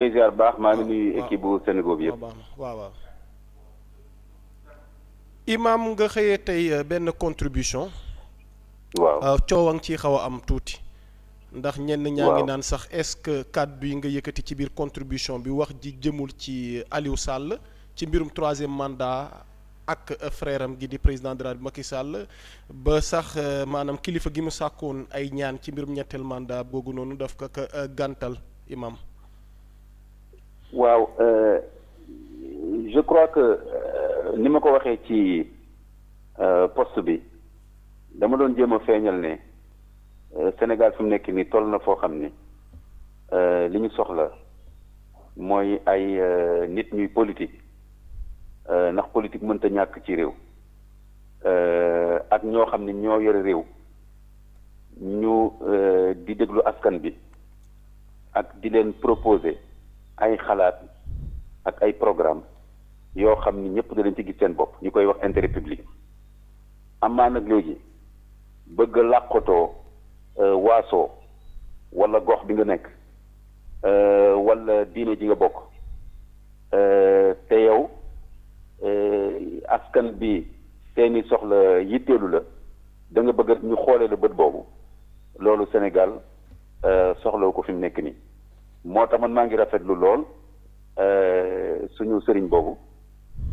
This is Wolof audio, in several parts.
baax maa ngi ah, nuyu ah, imaam nga xëyee tey euh, benn contribution. waaw euh, coow a ciy xaw a am tuuti. ndax ñenn ñaa ngi naan sax est-ce que kàddu yi nga yëkkati ci biir contribution bi wax ji jëmul ci Aliou sàll ci mbirum troisième mandat ak euh, frère gi di président de la Macky Sall ba sax maanaam kilifa gi mu sàkkoon ay ñaan ci mbirum ñetteel mandat boogu noonu daf ko gàntal imaam. waaw euh, je crois que euh, ni ma ko waxee ci euh, poste bi dama doon jéem a feeñal ne Sénégal fi mu nekk nii toll na foo xam ni li ñu soxla mooy ay nit ñuy politique ndax politique mënta ñàkk ci réew ak ñoo xam ni ñoo yore réew ñu di déglu askan bi ak di leen proposer ay xalaat ak ay programme yoo xam ni ñëpp danañ ci gis seen bopp ñu koy wax intérêt am amaa nag léegi bëgg làqotoo euh, waasoo walla gox bi nga nekk euh, wala diine ji nga bokk euh, te yow askan bi seeni soxla yitteelu la da nga bëgg ñu xoolee la bët boobu loolu Sénégal soxla ko fi mu nekk nii moo tax man maa ngi rafetlu lool euh, suñu sëriñ boobu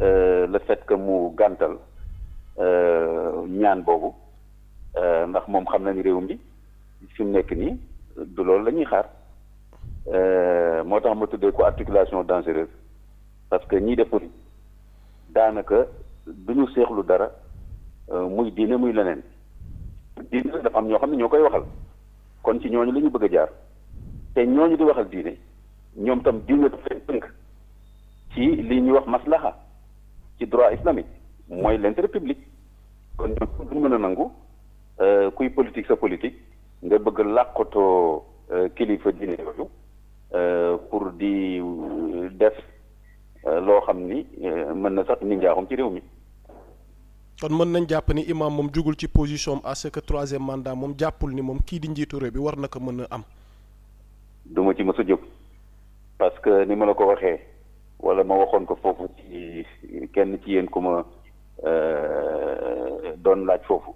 euh, le fait que mu gàntal euh, ñaan boobu ndax moom xam na réew mi fi mu nekk nii du loolu la ñuy xaar moo tax ma tuddee ko articulation dangereuse parce que ñiy def politique daanaka du ñu seexlu dara muy diine muy leneen diine dafa am ñoo xam ne ñoo koy waxal kon ci ñooñu la ñu bëgg a jaar. te ñu di waxal diine ñoom tam diine dafa leen tënk ci li ñuy wax maslaha ci droit islamique mooy lent république kon ñoom mën a nangu euh, kuy politique sa politique nga bëgg làqatoo euh, kilifa diine yooyu euh, pour di def loo xam ni mën na sax ni njaaxum ci réew mi kon mën nañ jàpp ni imam moom jugul ci position am à que troisième mandat moom jàppul ni moom kii di njiitu réew bi war na ko mën a am ci ma sa jóg parce que ni ma la ko waxee wala ma waxoon ko foofu ci kenn ci yéen ku ma euh, doon laaj foofu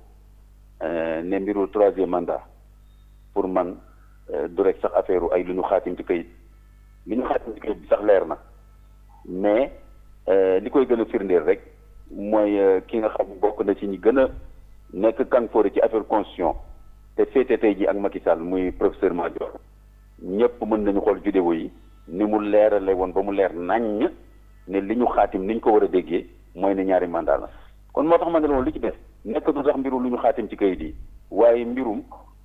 euh, ne mbiru troisième mandat pour man euh, du rek sax affaire ay lu ñu xaatim ci këyit li ñu xaatim ci këyit sax leer na mais li koy gën a firndeel rek mooy ki nga xam bokk na ci ñu gën a nekk kanfoore ci affaire constitution te féete tey ji ak Macky Sall muy professeur Madior ñëpp mën nañu xool vidéo yi ni mu leerale woon ba mu leer naññ ne li ñu xaatim ni ñu ko war a déggee mooy ne ñaari mandat la kon moo tax ma ne la woon li ci des nekk du sax mbirum lu ñu xaatim ci kayit yi waaye mbirum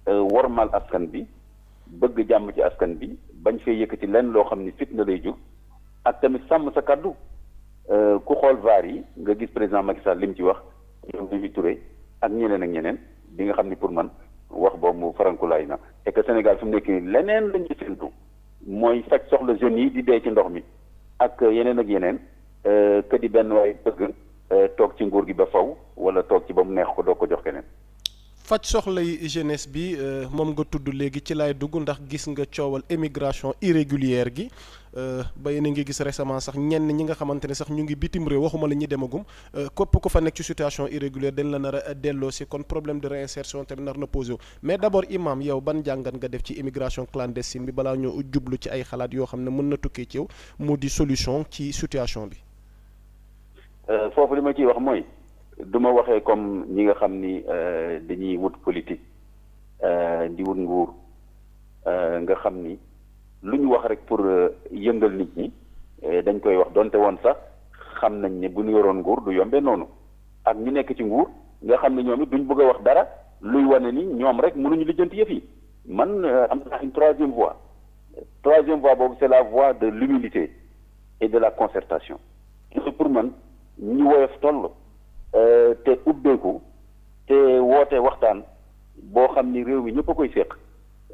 euh, wormal askan bi bëgg jàmm ci askan bi bañ fee yëkkati lenn loo xam ni fitna lay jur ak tamit sàmm sa kaddu euh, ku xool vaar yi nga gis président Macky Sall li mu ci wax ñoom dañuy turé ak ñeneen ak ñeneen bi nga xam ni pour man wax boobu mu faral ko Sénégal fi mu nekk leneen lañu ñuy mooy faj soxla jeunes yi di dee ci ndox mi ak yeneen ak yeneen euh, que di benn waay bëgg euh, toog ci nguur gi ba faw wala toog ci ba mu neex ko doo ko jox keneen. faj soxlay jeunesse bi euh, moom nga tudd léegi ci laay dugg ndax gis nga coowal émigration irrégulière gi euh, ba yéen a ngi gis récemment sax ñenn ñi nga xamante ne sax ñu ngi bitim réew waxuma la ñuy demagum euh, képp ku fa nekk ci situation irrégulière dañ la nar a delloo si kon problème de réinsertion tamit nar na posé wu mais d' abord imam yow ban jàngat nga def ci immigration clandestine bi balaa ñoo jublu ci ay xalaat yoo xam ne mën na tukkee ci yow mu di solution ci situation bi. mooy. du ma waxee comme ñi nga xam ni euh, dañuy wut politique euh, di wut nguur euh, nga xam ni lu ñu wax rek pour yëngal nit ñi dañ koy wax donte woon sax xam nañ ne bu ñu yoroon nguur du yombee noonu ak ñu nekk ci nguur nga xam ne ñoom it duñ bëgg a wax dara luy wane ni ñoom rek mënuñu lijjanti yëpp yi man am naa une troisième voie troisième voie boobu c'est la voie de l'humilité et de la concertation pour man ñu woyof toll Euh, te ubbeeku te woote waxtaan boo xam ni réew mi ñëpp a koy séq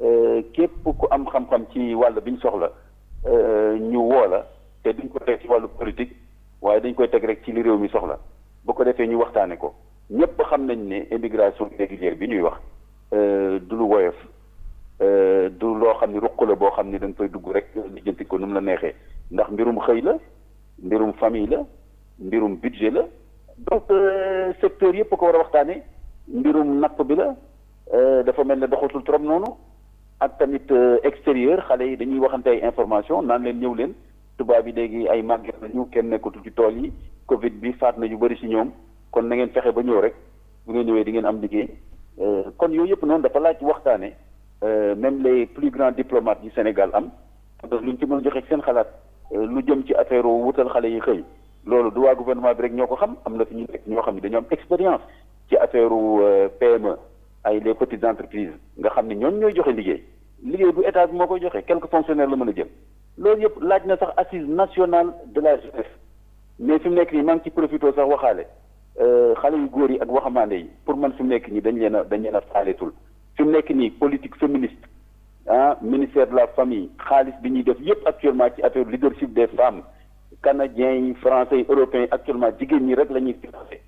euh, képp ku am xam-xam ci wàll bi ñu soxla euh, ñu woo la te duñ ko teg ci wàllu politique waaye dañ koy teg rek ci li réew mi soxla bu ko defee ñu waxtaane ko ñëpp xam nañ ni immigration irrégulière bi ñuy wax du lu woyof du loo xam ne ruq la boo xam ne da koy dugg rek lijjanti ko nu mu la neexee ndax mbirum xëy la mbirum famille la mbirum budget la donc euh, secteur yëpp ko war a waxtaanee mbirum napp bi la euh, dafa mel ne doxatul trop noonu ak tamit euh, extérieur xale yi dañuy waxante ay information naan leen ñëw leen tubaab yi léegi ay màgget lañu kenn nekkatul ci tool yi Covid bi faat na ñu bëri si ñoom kon na ngeen fexe ba ñëw rek bu ngeen ñëwee di ngeen am liggéey kon yooyu yëpp noonu dafa laaj waxtaane même les plus grands diplomates yi Sénégal am parce lu ñu ci mën joxee seen xalaat lu jëm ci affaire wutal xale yi xëy. loolu du waa gouvernement bi rek ñoo ko xam am na fi ñu nekk ñoo xam ne dañoo am expérience ci affaire euh, PME ay les petites entreprises nga xam ne ñoom ñooy joxe liggéey liggéey bu état bi moo koy joxe quelques fonctionnaires la mën a jël loolu yëpp laaj na sax assise nationale de la jeunesse mais fi mu nekk nii maa ngi ci profité sax waxaale euh, xale yu góor yi ak waxambaane yi pour man fi mu nekk nii dañ leen a dañ leen a fi mu nekk nii politique féministe ah ministère de la famille xaalis bi ñuy def yëpp actuellement ci affaire leadership des femmes canadiens yi français yi européens yi actuellement jigéen ñi rek lañuy ñuy financé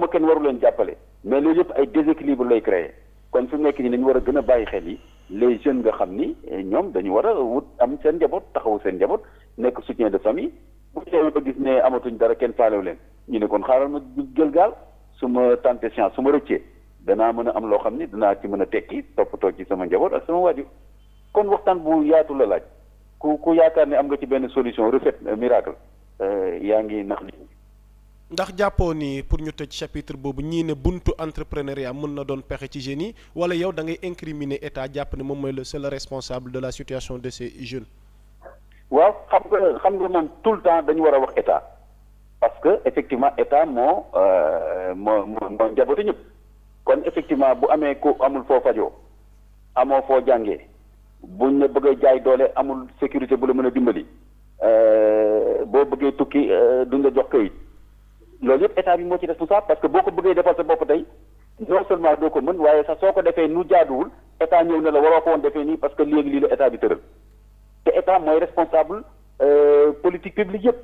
ma kenn waru leen jàppale mais loolu yëpp ay déséquilibre lay créé kon fi mu nekk nii dañu war a gën a bàyyi xel yi les jeunes nga xam ni eh, ñoom dañu war a wut am seen njaboot taxawu seen njaboot nekk soutien de famille bu ñu gis ne amatuñ dara kenn faalew leen ñu ne kon xaaral ma jël gaal suma ma tenté chance su ma rëccee danaa mën a am loo xam ni danaa ci mën a tekki toppatoo ci sama njaboot ak sama waajur kon waxtaan bu yaatu laaj. ku ku yaakaar ne am nga ci benn solution recette euh, miracle euh, yaa ngi nax nit ñi ndax jàppoo ni pour ñu tëj chapitre boobu ñii ne buntu entrepreneuriat mën na doon pexe ci jeunes yi wala yow da ngay incriminer état jàpp ne moom mooy le seul responsable de la situation de ces jeunes. waaw xam nga xam nga moom tout le temps dañu war a wax état parce que effectivement état euh, moo moo moo njabootu ñëpp kon effectivement bu amee ku amul foo fajoo amoo foo jàngee buñ ne bëggee jaay doole amul sécurité bu la mën a dimbali euh, boo bëggee tukki euh, duñ la jox kayit loolu yëpp état bi moo ci responsable parce que boo ko bëggee defal sa bopp tey non seulement doo ko mën soo ko defee nu jaaduwul état ñëw la waroo ko defee nii parce que léegi lii la état bi état mooy responsable euh, politique publique yëpp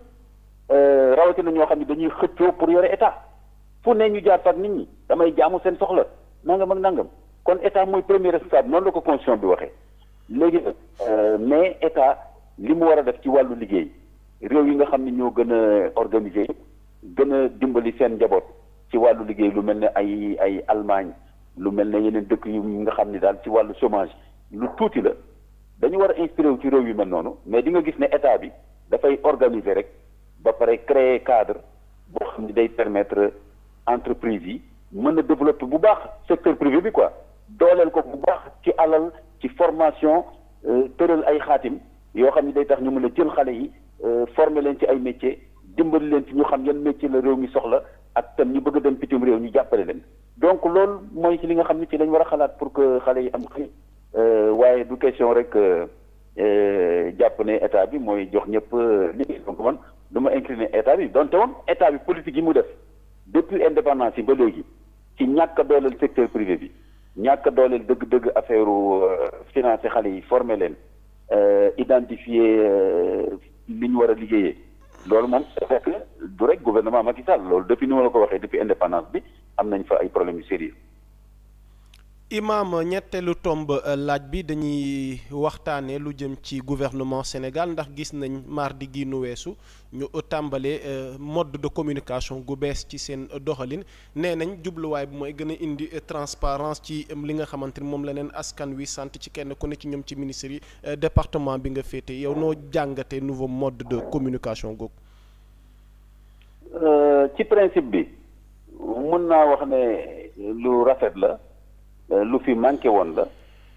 rawatina ñoo xam ne dañuy xëccoo pour yore état fu ne ñu jaar fak nit ñi damay jaamu seen soxla nangam ak nangam kon état mooy premier responsable noonu la ko constitution bi waxee. léegi nag euh, mais état li mu war a def ci wàllu liggéey réew yi nga xam ne ñoo gën a organisé gën a dimbali seen njaboot ci wàllu liggéey lu mel ne ay ay Allemagne lu mel ne yeneen dëkk yu nga xam ni daal ci wàllu chômage lu tuuti la dañu war a inspiré wu ci réew yu mel noonu mais di nga gis ne état bi dafay organiser rek ba pare créer cadre boo xam ni day permettre entreprise yi mën na développer bu baax secteur privé bi quoi dooleel ko bu baax ci alal formation euh, tëral ay xaatim yoo xam ne day tax ñu mën a jël xale yi euh, former leen ci ay métiers dimbali leen ci ñu xam yan métier la réew mi soxla ak tam ñu bëgg a dem bitim réew ñu jàppale leen. donc loolu mooy ci li nga xam ne ci dañ war a xalaat pour que xale yi am xëy euh, waaye du question rek jàpp ne état bi mooy jox ñëpp liggéey donc man du ma incliné état bi donte woon état bi politique yi mu def depuis indépendance yi ba léegi ci ñàkk a dooleel secteur privé bi. ñàkk dooleel dëgg-dëgg affaire euh, financé xale yi former leen euh, identifier euh, li ñu war a liggéeyee loolu moom su fekk du rek gouvernement Macky Sall loolu depuis ni ma la ko waxee depuis indépendance bi am nañ fa ay problème yu sérieux imaam ñetteelu tomb euh, laaj bi dañuy waxtaanee lu jëm ci gouvernement Sénégal ndax gis nañ mardi gi nu weesu ñu tàmbalee euh, mode de communication gu bees ci seen doxalin nee nañ jubluwaay bi mooy gën a indi transparence ci li nga xamante ni moom la askan wi sant ci kenn ku ne ci ñoom ci ministre yi euh, département bi nga féete yow noo jàngatee nouveau mode de communication googu. ci principe bi mun naa wax ne lu rafet la. Euh, lu fi manqué woon la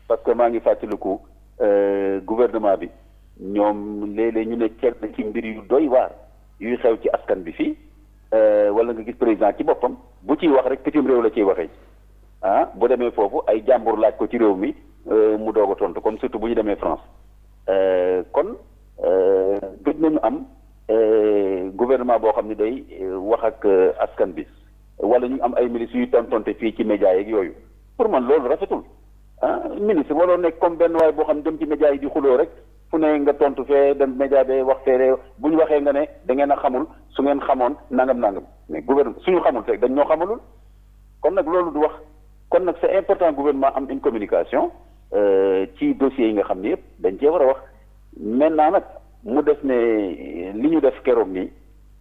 parce que maa ngi fàttaliku euh, gouvernement bi ñoom léeg ñu ne kenn ci mbir yu doy waar yuy xew ci askan bi fii euh, wala nga gis président ci boppam bu ciy wax rek pitim réew la ciy waxee ah bu demee foofu ay jàmbur laaj ko ci réew mi mu doog a tontu comme surtout bu ñu demee France kon gëj nañu am gouvernement boo xam ne day wax ak askan bi wala ñu am ay milices yuy tontonte fii ci médias yeeg yooyu. pour man loolu rafetul ah ministre waroon nekk comme benn waay boo xam dem ci média yi di xuloo rek fu ne nga tontu fee dem média bee wax fee bu ñu waxee nga ne da ngeen a xamul su ngeen xamoon nangam nangam mais gouvernement suñu xamul rek dañ ñoo xamalul kon nag loolu du wax kon nag c'est important gouvernement am une communication euh, ci dossiers yi nga xam ne yëpp dañ cee war a wax maintenant nag mu def ne li ñu def keroog nii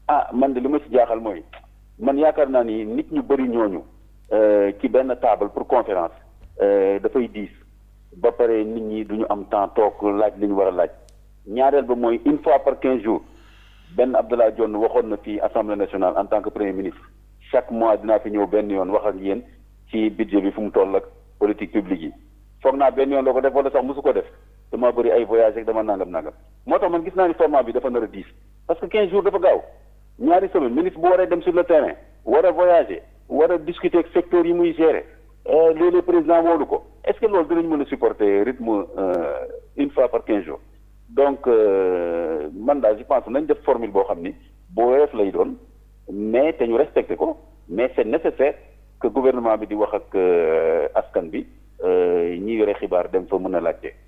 ah man de li ma si jaaxal mooy man yaakaar naa ni nit ñu bëri ñooñu. ci euh, benn table pour conférence euh, dafay diis ba pare nit ñi du ñu am temps toog laaj li ñu war a laaj ñaareel ba mooy une fois par quinze jours benn Abdallah Dionne waxoon na fii assemblée nationale en tant que premier ministre chaque mois dinaa fi ñëw benn yoon wax ak yéen ci budget bi fu mu toll ak politique publique yi foog naa benn yoon la ko def wala sax mosu ko def dama bëri ay voyage rek dama nangam nangam moo tax man gis naa ni format bi dafa nar a diis parce que quinze jours dafa gaaw ñaari semaine ministre bu waree dem sur le terrain war a voyager war a discuter ak secteurs yi muy gérer euh, léeg-léeg président woolu ko est ce que loolu dinañ mën a supporter rythme euh, une fois par quinze jours donc euh, man daal je pense nañ def formule boo xam ni boo woyof lay doon mais te ñu respecté ko mais c' est nécessaire que gouvernement bi di wax ak askan bi ñi yore xibaar dem fa mun a laajte.